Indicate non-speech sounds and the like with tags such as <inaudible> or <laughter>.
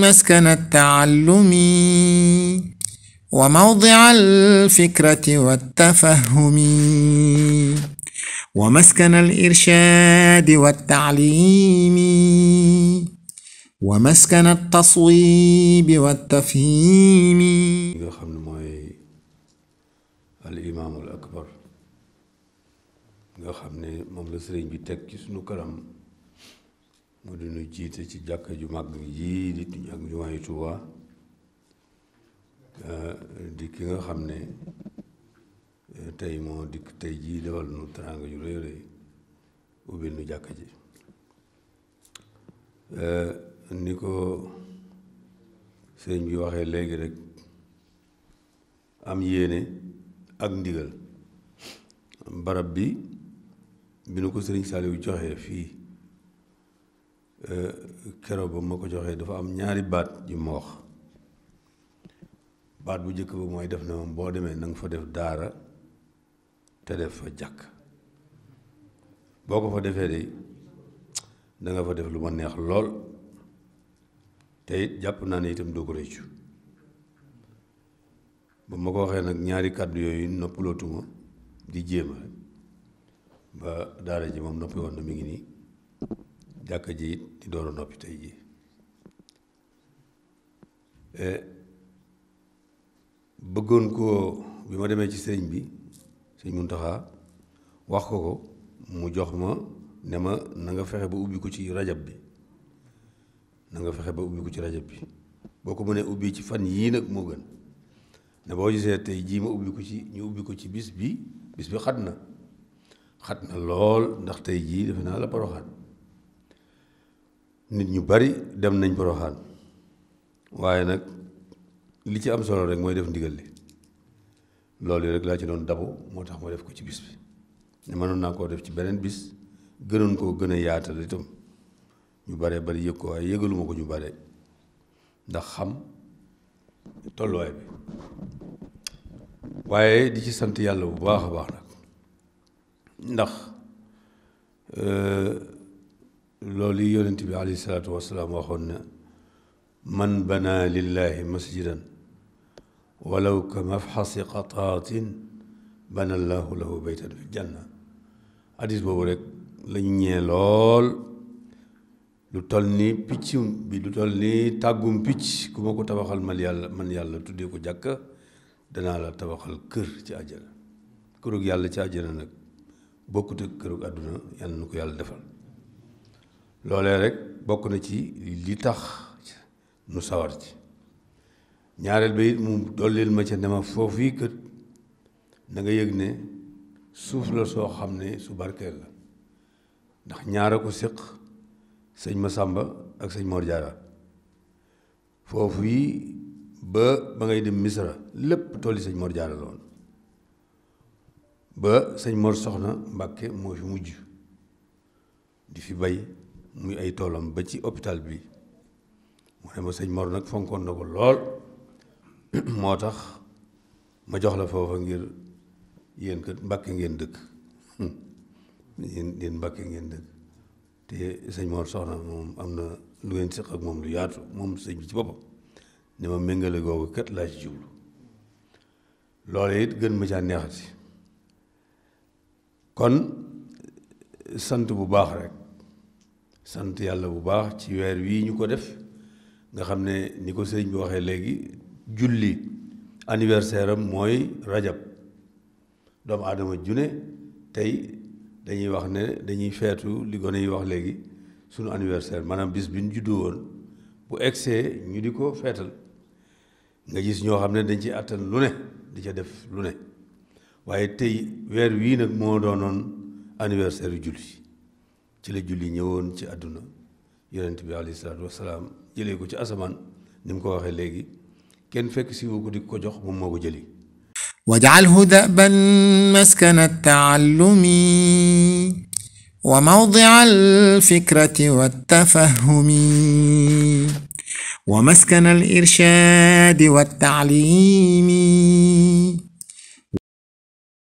مسكن التعلم وموضع الفكرة والتفهم ومسكن الإرشاد والتعليم ومسكن التصويب والتفهيم nga xam ne mooy alimaamul akbar nga xam ne moom la sëriñ bi teg ci sunu kanam mu dinu jiite ci jàkk ju mag yii di ak jumaay Tuubaa eh, di nga xam ne eh, tey moo dikk tey jii defal nu teraanga ju rëy rëy ubbil nu jàkka ji eh, ni ko sëñ bi waxee léegi rek am yéene ak ndigal barab bi bi nu ko sëriñ Saaliw joxe fii kero ba ma ko joxee dafa am ñaari baat ji ma wax baat bu njëkk ba mooy def na moom boo demee nanga nga fa def daara te def fa jàkk boo ko fa defee de da nga fa def lu ma neex lool te it jàpp naa ne itam doo ko rëccu ba ma ko waxee nag ñaari kàddu yooyu noppalootuma di jéema ba daara ji moom noppi woon na mi ngi nii jàkka ji it di door a noppi tey jii eh, bëggoon ko bi ma demee ci sëriñ bi sëñ Muntaxa wax ko ko mu jox ma ne ma nanga fexe ba ubbi ko ci rajab bi fexe ba ubbi ci rajab bi boo ko mënee ubbi ci fan yii nag moo gën ne boo gisee tey jii ma ubbi ko ci ñu ubbi ko ci bis bi bis bi xat na xat na lool ndax tey jii defe naa la paroxaan nit ñu bari dem nañ poroxaan waaye nag li ci am solo rek mooy def ndigal li loolu rek laa ci doon dabu moo tax ma def ko ci bis bi ne mënoon naa koo def ci beneen bis gënoon koo gën a yaatal itam ñu bare bari yëg ko waaye yëgaluma ko ñu bare ndax xam tolluwaay bi waaye di ci sant yàlla bu baax a baax nag ndax euh, loolu yonent bi alayhi salaatu wasalaam waxoon ne man bana lillahi masjidan walaw ka mafxasi qataatin bana llahu lahu baytan fi janna hadis boobu rek lañ ñee lool lu toll ni piccum bi lu toll ni tàggum picc ku ma ko tabaxal man yàlla man yàlla tuddee ko jàkka danaa la tabaxal kër ci àjjana kërug yàlla ci àjjana nag bokkut ak kërug àdduna yàlla na ko yàlla defal loolee rek bokk na ci li tax nu sawar ci ñaareel ba it mu dollil ma ca ne ma foofu yi kët na nga yëg ne suuf la soo xam ne su barkeel la ndax ñaara ko séq ma Masamba ak sëñ Mor Jaara foofu yi ba ba ngay dem Misra lépp tolli sañ Mor Jaara la woon ba sëñ Mor Soxna Mbàkke moo fi mujj di fi bay muy ay toolam ba ci hôpital bi mu ne ma sëñ Mor nag fonkoon na ko lool <clears throat> moo tax ma jox la foofa ngir yéen kat mbàkke ngeen dëkk <laughs> yéen yéen mbàkke ngeen dëkk te sëñ Mor soxna moom am na lu ngeen seq ak moom lu yaatu moom sëñ bi ci boppam ne ma méngale googu kët laa ci jublu loole it gën ma caa neexati kon sant bu baax rek sant yàlla bu baax ci weer wii ñu ko def nga xam ne ni ko sëriñ bi waxee léegi julli anniversaire am mooy rajab doomu aadama june tey dañuy wax ne dañuy feetu li gone yi wax léegi sunu anniversaire maanaam bis bi ñu juddoo woon bu egsee ñu di ko feetal nga gis ñoo xam ne dañ ci àttan lu ne di ca def lu ne waaye tey weer wii nag moo doonoon anniversaire yu julli ci la julli ñëwoon ci àdduna yonent bi alayhi salaatu wasalaam jëlee ko ci asamaan nim ko waxee léegi kenn fekk si wu ko di ko jox moom moo ko jëli waj'alhu da'ban maskana wa mawdi'a al-fikrati wat wa maskana al-irshadi wat